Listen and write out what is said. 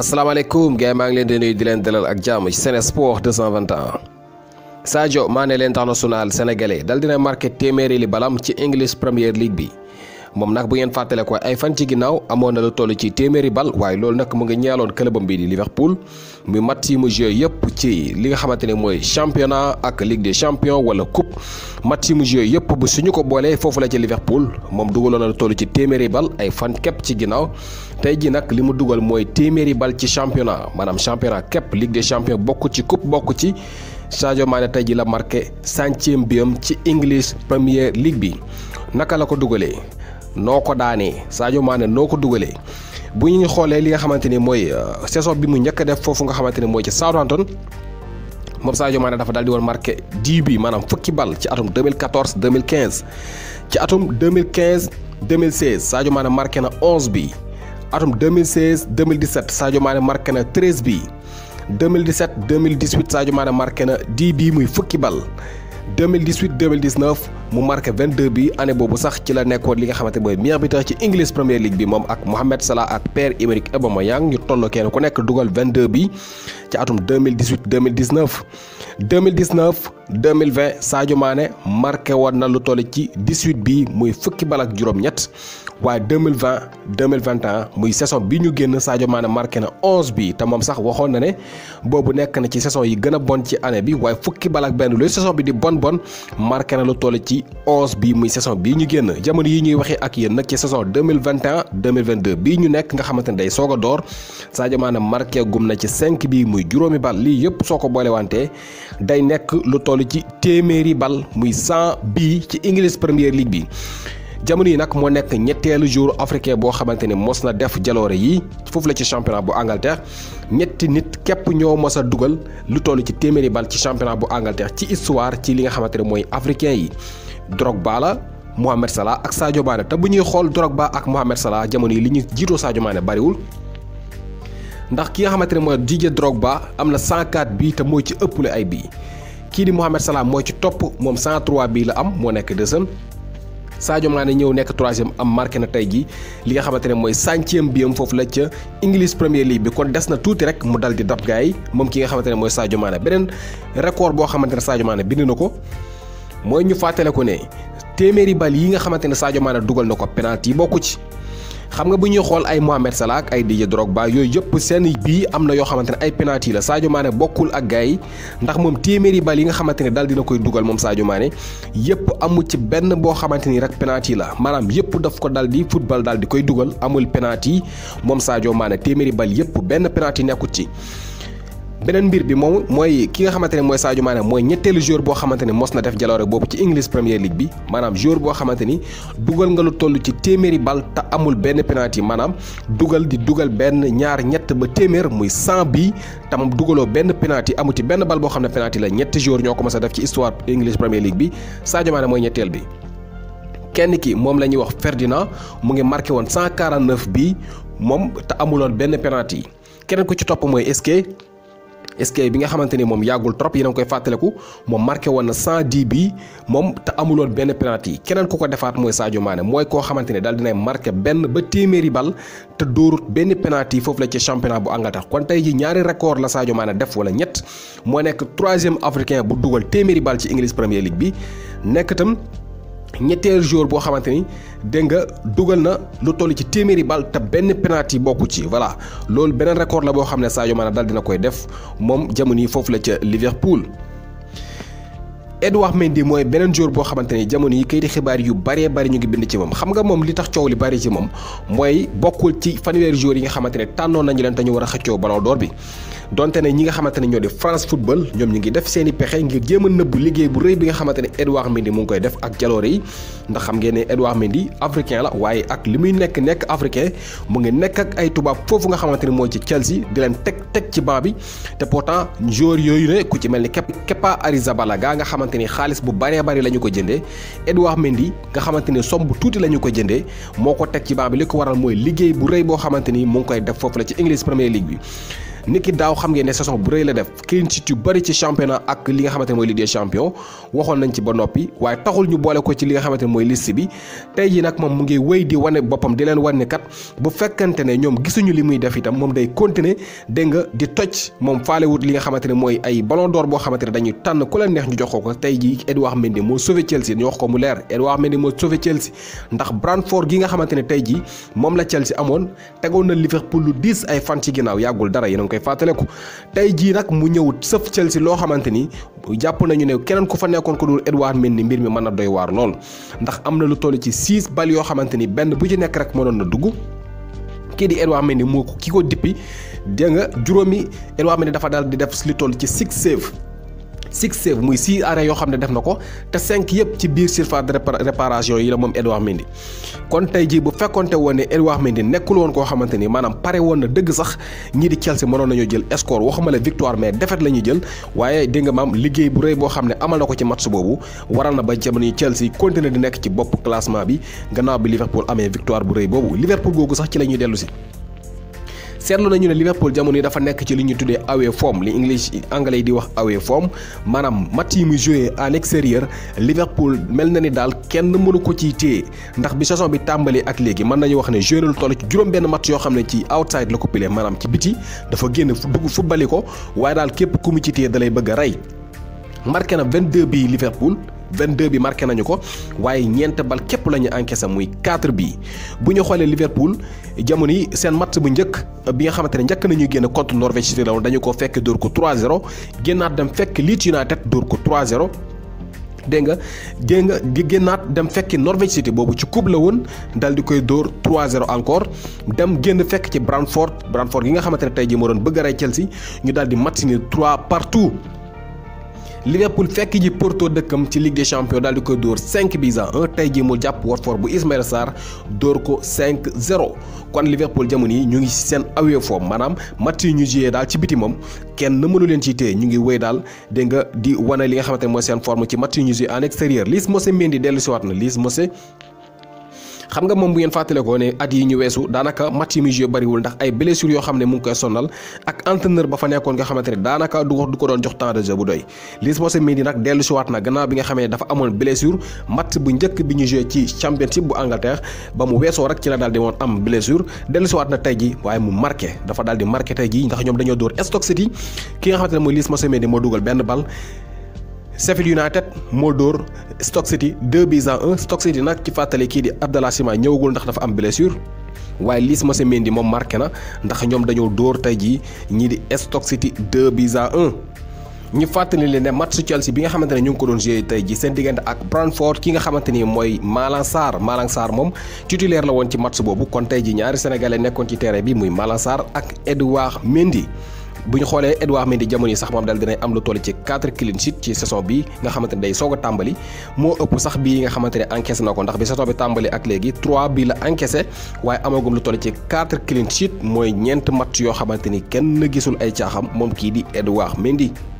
asalaamaaleykum gars yi maa ngi leen di nuyu di leen dalal ak jàmm ci Sen Sport leen Sadio Mané l'international sénégalais dal dina marqué téeméeri li balam ci English Premier League bi moom nag bu ngeen fàttale ko ay fan ci ginnaaw amoon na lu toll ci téeméeri bal waaye loolu nag mu ngi ñaaloon këlëbam bi di Liverpool mu mat yi mu joué yëpp ci li nga xamante ne mooy championnat ak Ligue des champions wala coupe mat yi mu joué yëpp bu suñu ko boolee foofu la ci Liverpool moom dugaloon na lu toll ci téeméeri bal ay fan képp ci ginnaaw tey ji nag li mu dugal mooy téeméeri bal ci championnat maanaam championnat képp Ligue des champions bokk ci coupe bokk ci Sadio Mané tey ji la marqué centième biam ci English Premier League bi naka la ko dugalee noo ko daanee Sadio Mané noo ko dugalee bu ñu xoolee li nga xamante ni mooy saison bi mu njëkk def foofu nga xamante ni mooy ci Southampton moom Sadio Mané dafa daal di woon marqué 10 bi maanaam fukki bal ci atum 2014 2015 ci atum 2015 2016 Sadio Mané marqué na 11 bi atum 2016 2017 Sadio Mané marqué na 13 bi 2017 2018 Sadio Mané marqué na 10 bi muy fukki bal 2018 2019. mu marqué 22 bi année boobu sax ci la nekkoon li nga xamante mooy meilleur buteur ci English Premier League bi moom ak Mohamed Salah ak Pierre-Emerick Aubameyang ñu tolloo kenn ku nekk dugal 22 bi ci atum 2018 2019 2019 2020 Sadio Mané marqué woon na lu toll ci 18 bi muy fukki bal ak juróom-ñett waaye 2020 2021 muy saison bi ñu génn Sadio Mané marqué na onze bi te moom sax waxoon na ne boobu nekk na ci saison yi gën a bon ci année bi waaye fukki bal ak benn lu saison bi di bon bon marqué na lu toll ci onze bi muy saison bii ñu génn jamono yi ñuy waxee ak yéen nag ci saison 2021 2022 bii ñu nekk nga xamante ne day soog a door Sadio Mané marqué na ci cinq bi muy juróomi bal lii yëpp soo ko boolewante day nekk lu toll ci téeméeri bal muy cent bi ci English Premier League bi jamono yi nag moo nekk ñetteelu jour africain boo xamante ni mos na def jaloore yi foofu la ci championnat bu Angleterre ñetti nit képp ñoo mos a dugal lu toll ci téeméeri bal ci championnat bu Angleterre ci histoire ci li nga xamante ne mooy africain yi. Drogba la Mohamed Salah ak Sadio Mané te bu ñuy xool Drogba ak Mohamed Salah jamono yi li ñu jiitoo Sadio Mané bariwul ndax ki nga xamante ne mooy Didier Drogba am na 104 bii te mooy ci ëppale ay bii kii di Mohamed Salah mooy ci topp moom 103 bii la am moo nekk deuxième Sadio Mané ñëw nekk troisième am marqué na tey jii li nga xamante ne mooy centième bi am foofu la ca English Premier League bi kon des na tuuti rek mu dal di dab gaay moom ki nga xamante ne mooy Sadio Mané beneen record boo xamante ne Sadio Mané bind na ko. mooy ñu fàttaliku ne téeméeri bal yi nga xamante ne Sadio Mané dugal na ko penalty yi bokku ci xam nga bu ñuy xool ay Mohamed Salah ay ay Didier ba yooyu yëpp seen bii am na yoo xamante ne ay penalty la Sadio Mané bokkul ak gars yi ndax moom téeméeri bal yi nga xamante ne daal dina koy dugal moom Sadio Mané yëpp amu ci benn boo xamante ni rek penalty la maanaam yëpp daf ko daal di football daal di koy dugal amul penalty moom Sadio Mané téeméeri bal yëpp benn penalty nekkut ci. beneen mbir bi moom mooy ki nga xamante ne mooy Sadio mooy ñetteelu joueur boo xamante ne mos na def jaloore boobu ci English Premier League bi maanaam joueur boo xamante ni dugal nga lu toll ci téeméeri bal te amul benn penalty maanaam dugal di dugal benn ñaar ñett ba téeméer muy 100 bi tam dugaloo benn penalty amu ci benn bal boo xam ne penalty la ñetti joueur ñoo ko mos a def ci histoire English Premier League bi Sadio Mané mooy ñetteel bi. kenn ki moom la ñuy wax Ferdinand mu ngi marqué woon 149 bi moom te amuloon benn penalty keneen ko ci topp mooy Esquet. SK bi nga xamante ni moom yàggul trop yéen a ngi koy fàttaliku moom marqué woon na 110 bi moom te amuloon benn penalty keneen ku ko defaat mooy Sadio Mané mooy koo xamante ne daal dinay marqué benn ba téeméeri bal te dóorut benn penalty foofu la ci championnat bu tax kon tey ji ñaari record la Sadio Mané def wala ñett moo nekk troisième africain bu dugal téeméeri bal ci English Premier League bi nekk tam ñetteel jour boo xamante ni dégg dugal na lu toll ci téeméeri bal te benn penalty bokku ci voilà loolu beneen record la boo xam ne Sadio Mané daal dina koy def moom jamono yi foofu la ca Liverpool. Edouard Mendy mooy beneen joueur boo xamante ni jamono yi kayiti xibaar yu bare bari ñu ngi bind ci moom xam nga moom li tax coow li bari ci moom mooy bokkul ci fanweeri jour yi nga xamante ne tànnoon nañu leen te ñu war a xëccoo ballon d'or bi. donte ne ñi nga xamante ne ñoo di France Football ñoom ñu ngi def seeni i pexe ngir jéem a liggéey bu rëy bi nga xamante ne Edouard Mendy mu ngi koy def ak jaloore yi ndax xam ngeen ne Edouard Mendy africain la waaye ak li muy nekk nekk africain mu ngi nekk ak ay tubaab foofu nga xamante ne mooy ci Chelsea di leen teg teg ci banc bi te pourtant joueur yooyu ne ku ci mel ni Kepa Arrizabalaga nga xamante ni xaalis bu baree bari la ñu ko jëndee Edouard Mendy nga xamante ni somme bu tuuti la ñu ko jëndee moo ko teg ci baam bi li ko waral mooy liggéey bu rëy boo xamante ni mu ngi koy def foofu la ci English Premier League bi niki daaw xam ngeen ne saison bu rëy la def clean sheet yu bëri ci championnat ak li nga xamante ne mooy Ligue des champions waxoon nañ ci ba noppi waaye taxul ñu boole ko ci li nga xamante ne mooy liste bi tey jii nag moom mu ngi wéy di boppam di leen wan ne kat bu fekkante ne ñoom gisuñu li muy def itam moom day continuer dégg nga di toj moom faalewut li nga xamante ne mooy ay ballon d'or boo xamante ne dañuy tànn ku leen neex ñu jox ko ko tey jii Edouard Mendy moo sauvé Chelsea ñu wax ko mu leer Edouard Mendy moo sauvé Chelsea ndax Brentford gi nga xamante ne tey jii moom la Chelsea amoon tegoon na Liverpool lu diis ay fan ci ginnaaw yàggul dara yéen koy ko tey jii nag mu ñëw sëf Chelsea loo xamante ni jàpp nañu ne keneen ku fa nekkoon ko dul mel ni mbir mi mën a doy waar lool ndax am na lu toll ci six bal yoo xamante ni benn bu ci nekk rek doon na dugg kii di Edouard Mendy moo ko ki ko dippi dégg nga juróomi Edouard Mendy dafa daal di def li toll ci six save six save muy six arrêt yoo xam ne def na ko te cinq yëpp ci biir surface de réparation yi la moom Edouard Mendy kon tey jii bu fekkonte woon ne Edouard Mendy nekkul woon koo xamante ni maanaam pare woon na dëgg sax ñii di Chelsea mënoon nañoo jël score waxuma la victoire mais défaite la ñuy jël waaye dégg nga maam liggéey bu rëy boo xam ne amal na ko ci match boobu waral na ba jamono yi Chelsea continuer di nekk ci bopp classement bi gannaaw bi Liverpool amee victoire bu rëy boobu Liverpool googu sax ci la ñuy si seetlu nañu ne Liverpool jamono yi dafa nekk ci li ñu tuddee away form li English anglais yi di wax away form maanaam match yi muy joué en extérieur Liverpool mel na ni daal kenn mënu ko ci téye ndax bi saison bi tàmbali ak léegi mën nañu wax ne joué na ci juróom-benn match yoo xam ne ci outside la ko pile maanaam ci biti dafa génn dugg football ko waaye daal képp ku mu ci téye dalay bëgg a rey marqué na 22 bii Liverpool. 22 bi marqué nañu ko waaye ñeent bal képp la ñu encaissé muy 4 bi bu ñu xoolee Liverpool jamono yi seen match bu njëkk bi nga xamante ne njëkk nañu génn contre Norwich City la woon dañu ko fekk dóor ko 3-0 génnaat dem fekk Leeds United dóor ko 3-0. dégg nga dégg nga di génnaat dem fekki Norwich City boobu ci coupe la woon dal di koy dóor 3-0 encore dem génn fekk ci Brentford Brentford gi nga xamante ne tey jii moo doon bëgg a rey Chelsea ñu daal di match ni 3 partout. Liverpool fekk ji Porto dëkkam ci liggéey des Champions daal di koy dóor 5 buts à tey jii mu jàpp Watford bu Ismaïla Sarr dóor ko 5-0 kon Liverpool jamono yi ñu ngi ci seen awee forme maanaam match yi daal ci biti moom kenn mënu leen ci téye ñu ngi wéy daal dégg nga di wane li nga xamante ne mooy seen forme ci match yi ñu jiyee en extérieur Liss Mousset Mendy dellusiwaat na Liss Mousset xam nga moom bu ngeen fàttale ko ne at yi ñu weesu daanaka match yi muy joué bariwul ndax ay blessure yoo xam ne mu ngi koy sonnal ak entraîneur ba fa nekkoon nga xamante ne daanaka du ko du ko doon jox temps de bu doy Lys Moussemedi nag dellu siwaat na gannaaw bi nga xamee dafa amoon blessure match bu njëkk bi ñu joué ci championship bu Angleterre ba mu weesoo rek ci la daal di woon am blessure dellu siwaat na tey ji waaye mu marqué dafa daal di marqué tey ji ndax ñoom dañoo dóor Stoke City ki nga xamante ne moo dugal benn bal Sheffield United moo dóor Stoke City 2 buts à 1 City nag ci fàttali kii di Abdallah Sima ñëwagul ndax dafa am blessure waaye Lys Mousset-Mendy moom marqué na ndax ñoom dañoo dóor tey jii ñii di Stoke City 2 buts à 1. fàttali leen ne match Chelsea bi nga xamante ne ñu ngi ko doon joué tey ji seen diggante ak Brentford ki nga xamante ni mooy Malang Sarr Malang Sarr moom titulaire la woon ci match boobu kon tey ji ñaari sénégalais nekkoon ci terrain bi muy Malang Sarr ak Edouard Mendy. buñ xoolee edouard mendi jamono yi sax moom daal dinay am lu toll ci 4 clean sheet ci saison bi nga xamante ne day soog a tàmbali moo ëpp sax bii nga xamante ne encaissé na ko ndax bi saison bi tàmbali ak léegi 3 bi la encaissé waaye amagum lu toll ci 4 clean sheet mooy ñeent matt yoo xamante ni kenn gisul ay caaxam moom kii di edouard mendi